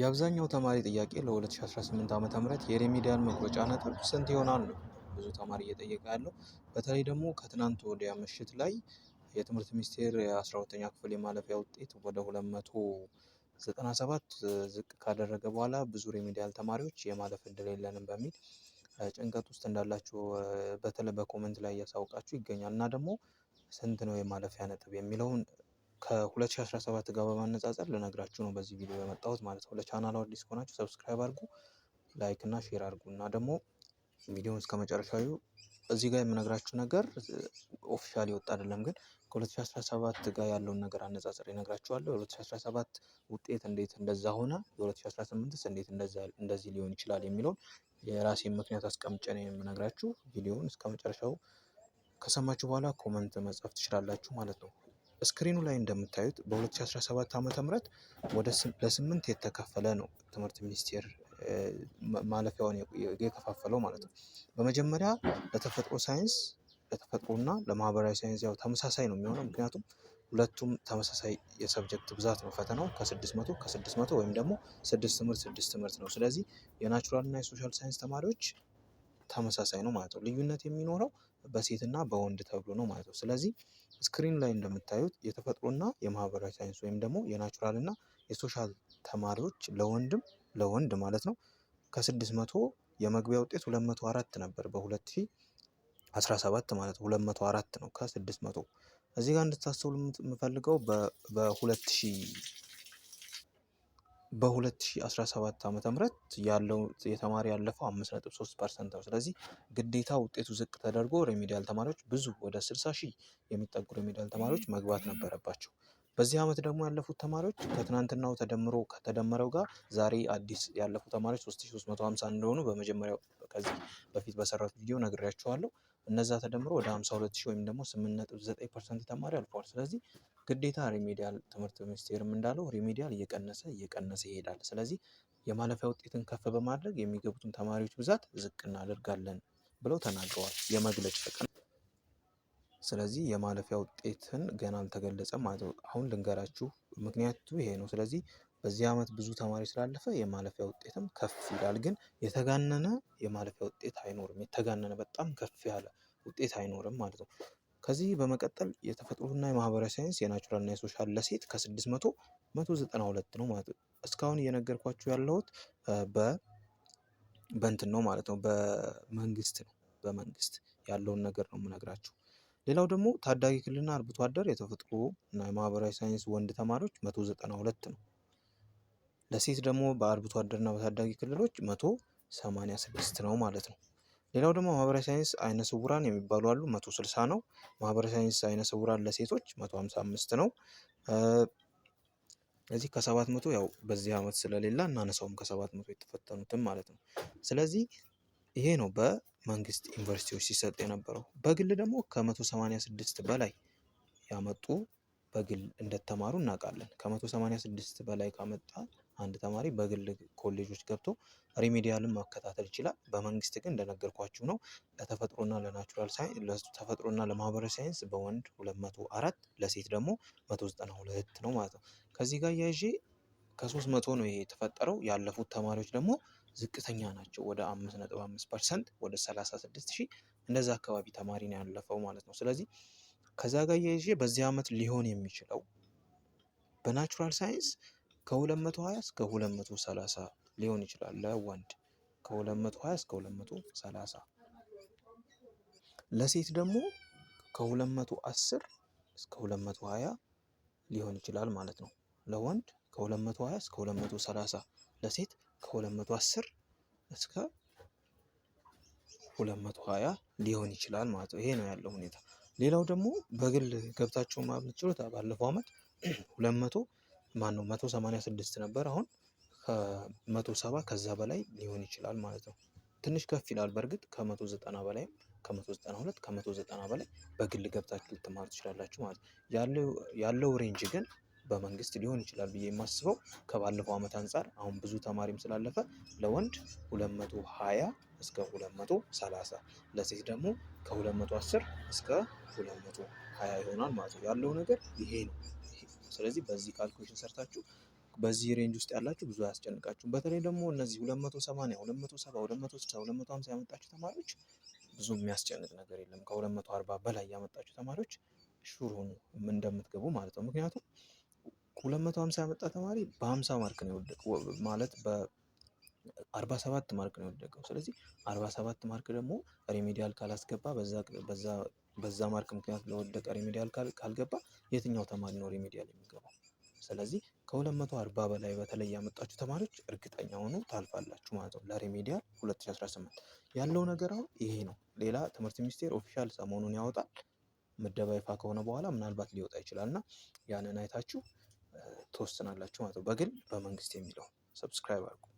የአብዛኛው ተማሪ ጥያቄ ለ2018 ዓ ም የሪሚዲያል መቁረጫ ነጥብ ስንት ይሆናል ነው ብዙ ተማሪ እየጠየቀ ያለው። በተለይ ደግሞ ከትናንት ወዲያ ምሽት ላይ የትምህርት ሚኒስቴር የ12ኛ ክፍል የማለፊያ ውጤት ወደ 297 ዝቅ ካደረገ በኋላ ብዙ ሪሚዲያል ተማሪዎች የማለፍ እድል የለንም በሚል ጭንቀት ውስጥ እንዳላችሁ በተለይ በኮመንት ላይ እያሳወቃችሁ ይገኛል እና ደግሞ ስንት ነው የማለፊያ ነጥብ የሚለውን ከ2017 ጋር በማነጻጸር ልነግራችሁ ነው በዚህ ቪዲዮ የመጣሁት ማለት ነው። ለቻናሉ አዲስ ከሆናችሁ ሰብስክራይብ አድርጉ፣ ላይክ እና ሼር አድርጉ እና ደግሞ ቪዲዮውን እስከ መጨረሻው እዚህ ጋር የምነግራችሁ ነገር ኦፊሻል የወጣ አይደለም፣ ግን ከ2017 ጋር ያለውን ነገር አነጻጽር ይነግራችኋለሁ። የ2017 ውጤት እንዴት እንደዛ ሆነ፣ የ2018ስ እንዴት እንደዚህ ሊሆን ይችላል የሚለውን የራሴን ምክንያት አስቀምጬ ነው የምነግራችሁ። ቪዲዮውን እስከ መጨረሻው ከሰማችሁ በኋላ ኮመንት መጻፍ ትችላላችሁ ማለት ነው። ስክሪኑ ላይ እንደምታዩት በ2017 ዓ ም ወደ ለስምንት የተከፈለ ነው ትምህርት ሚኒስቴር ማለፊያውን የከፋፈለው ማለት ነው። በመጀመሪያ ለተፈጥሮ ሳይንስ ለተፈጥሮና ለማህበራዊ ሳይንስ ያው ተመሳሳይ ነው የሚሆነው ምክንያቱም ሁለቱም ተመሳሳይ የሰብጀክት ብዛት ነው ፈተናው ከ600 ከ600 ወይም ደግሞ ስድስት ትምህርት ስድስት ትምህርት ነው። ስለዚህ የናቹራልና የሶሻል ሳይንስ ተማሪዎች ተመሳሳይ ነው ማለት ነው። ልዩነት የሚኖረው በሴትና በወንድ ተብሎ ነው ማለት ነው። ስለዚህ ስክሪን ላይ እንደምታዩት የተፈጥሮና የማህበራዊ ሳይንስ ወይም ደግሞ የናቹራል እና የሶሻል ተማሪዎች ለወንድም ለወንድ ማለት ነው ከ600 የመግቢያ ውጤት 204 ነበር በ2017 ማለት 204 ነው ከ600 እዚህ ጋር እንድታስተውሉ የምፈልገው በ2000 በ2017 ዓ ም ያለው የተማሪ ያለፈው 5.3 ፐርሰንት ነው። ስለዚህ ግዴታ ውጤቱ ዝቅ ተደርጎ ሪሚዲያል ተማሪዎች ብዙ ወደ 60 ሺህ የሚጠጉ ሪሚዲያል ተማሪዎች መግባት ነበረባቸው። በዚህ ዓመት ደግሞ ያለፉት ተማሪዎች ከትናንትናው ተደምሮ ከተደመረው ጋር ዛሬ አዲስ ያለፉ ተማሪዎች 3350 እንደሆኑ በመጀመሪያው ከዚህ በፊት በሰራሁት ቪዲዮ ነግሬያቸዋለሁ። እነዛ ተደምሮ ወደ 52 ሺህ ወይም ደግሞ 8.9 ፐርሰንት ተማሪ አልፏል። ስለዚህ ግዴታ ሪሜዲያል ትምህርት ሚኒስቴርም እንዳለው ሪሜዲያል እየቀነሰ እየቀነሰ ይሄዳል። ስለዚህ የማለፊያ ውጤትን ከፍ በማድረግ የሚገቡትን ተማሪዎች ብዛት ዝቅ እናደርጋለን ብለው ተናግረዋል። የመግለጫ ቀን ስለዚህ የማለፊያ ውጤትን ገና አልተገለጸም ማለት ነው። አሁን ልንገራችሁ ምክንያቱ ይሄ ነው። ስለዚህ በዚህ ዓመት ብዙ ተማሪ ስላለፈ የማለፊያ ውጤትም ከፍ ይላል። ግን የተጋነነ የማለፊያ ውጤት አይኖርም። የተጋነነ በጣም ከፍ ያለ ውጤት አይኖርም ማለት ነው። ከዚህ በመቀጠል የተፈጥሮና የማህበራዊ ሳይንስ የናቹራል የሶሻል ለሴት ከ600 192 ነው ማለት ነው። እስካሁን እየነገርኳችሁ ያለሁት በ በእንትን ነው ማለት ነው። በመንግስት ነው በመንግስት ያለውን ነገር ነው የምነግራችሁ። ሌላው ደግሞ ታዳጊ ክልልና አርብቶ አደር የተፈጥሮ እና የማህበራዊ ሳይንስ ወንድ ተማሪዎች 192 ነው። ለሴት ደግሞ በአርብቶ አደርና በታዳጊ ክልሎች መቶ ሰማንያ ስድስት ነው ማለት ነው። ሌላው ደግሞ ማህበረ ሳይንስ አይነ ስውራን የሚባሉ አሉ መቶ ስልሳ ነው። ማህበረ ሳይንስ አይነ ስውራን ለሴቶች መቶ ሀምሳ አምስት ነው። እዚህ ከሰባት መቶ ያው በዚህ ዓመት ስለሌለ እናነሳውም ከሰባት መቶ የተፈተኑትም ማለት ነው። ስለዚህ ይሄ ነው በመንግስት ዩኒቨርሲቲዎች ሲሰጥ የነበረው። በግል ደግሞ ከመቶ ሰማንያ ስድስት በላይ ያመጡ በግል እንደተማሩ እናውቃለን። ከመቶ ሰማንያ ስድስት በላይ ካመጣ አንድ ተማሪ በግል ኮሌጆች ገብቶ ሪሚዲያልን መከታተል ይችላል። በመንግስት ግን እንደነገርኳችሁ ነው ለተፈጥሮና ለናቹራል ሳይንስ ለተፈጥሮና ለማህበራዊ ሳይንስ በወንድ 204 ለሴት ደግሞ 192 ነው ማለት ነው። ከዚህ ጋር ያዤ ከሶስት መቶ ነው ይሄ የተፈጠረው። ያለፉት ተማሪዎች ደግሞ ዝቅተኛ ናቸው። ወደ 5.5 ፐርሰንት ወደ 36 ሺህ እንደዛ አካባቢ ተማሪ ነው ያለፈው ማለት ነው። ስለዚህ ከዛ ጋር ያዤ በዚህ ዓመት ሊሆን የሚችለው በናቹራል ሳይንስ ከ220 እስከ 230 ሊሆን ይችላል። ለወንድ ከ220 እስከ 230፣ ለሴት ደግሞ ከ210 እስከ 220 ሊሆን ይችላል ማለት ነው። ለወንድ ከ220 እስከ 230፣ ለሴት ከ210 እስከ 220 ሊሆን ይችላል ማለት ነው። ይሄ ነው ያለው ሁኔታ። ሌላው ደግሞ በግል ገብታችሁ ማብ ችሎታ ባለፈው ዓመት 200 ማነው መቶ ሰማንያ ስድስት ነበር። አሁን ከመቶ ሰባ ከዛ በላይ ሊሆን ይችላል ማለት ነው። ትንሽ ከፍ ይላል በእርግጥ ከመቶ ዘጠና በላይም ከመቶ ዘጠና ሁለት ከመቶ ዘጠና በላይ በግል ገብታችሁ ልትማሩ ትችላላችሁ ማለት ነው። ያለው ሬንጅ ግን በመንግስት ሊሆን ይችላል ብዬ የማስበው ከባለፈው ዓመት አንጻር አሁን ብዙ ተማሪም ስላለፈ ለወንድ 220 እስከ 230 ለሴት ደግሞ ከ210 እስከ 220 ይሆናል ማለት ነው። ያለው ነገር ይሄ ነው። ነው። ስለዚህ በዚህ ካልኩሌሽን ሰርታችሁ በዚህ ሬንጅ ውስጥ ያላችሁ ብዙ አያስጨንቃችሁም። በተለይ ደግሞ እነዚህ 280፣ 270፣ 260፣ 250 ያመጣችሁ ተማሪዎች ብዙ የሚያስጨንቅ ነገር የለም። ከ240 በላይ ያመጣችሁ ተማሪዎች ሹር ሁኑ እንደምትገቡ ማለት ነው። ምክንያቱም 250 ያመጣ ተማሪ በ50 ማርክ ነው የወደቀው ማለት በ47 ማርክ ነው የወደቀው። ስለዚህ 47 ማርክ ደግሞ ሪሜዲያል ካላስገባ በዛ በዛ ማርክ ምክንያት ለወደቀ ሪሚዲያል ካልገባ የትኛው ተማሪ ነው ሪሚዲያል የሚገባው? ስለዚህ ከ240 በላይ በተለይ ያመጣችሁ ተማሪዎች እርግጠኛ ሆኑ ታልፋላችሁ ማለት ነው ለሪሚዲያል 2018 ያለው ነገር አሁን ይሄ ነው። ሌላ ትምህርት ሚኒስቴር ኦፊሻል ሰሞኑን ያወጣል። ምደባ ይፋ ከሆነ በኋላ ምናልባት ሊወጣ ይችላል እና ያንን አይታችሁ ትወስናላችሁ ማለት ነው። በግል በመንግስት የሚለው ሰብስክራይብ አድርጉ።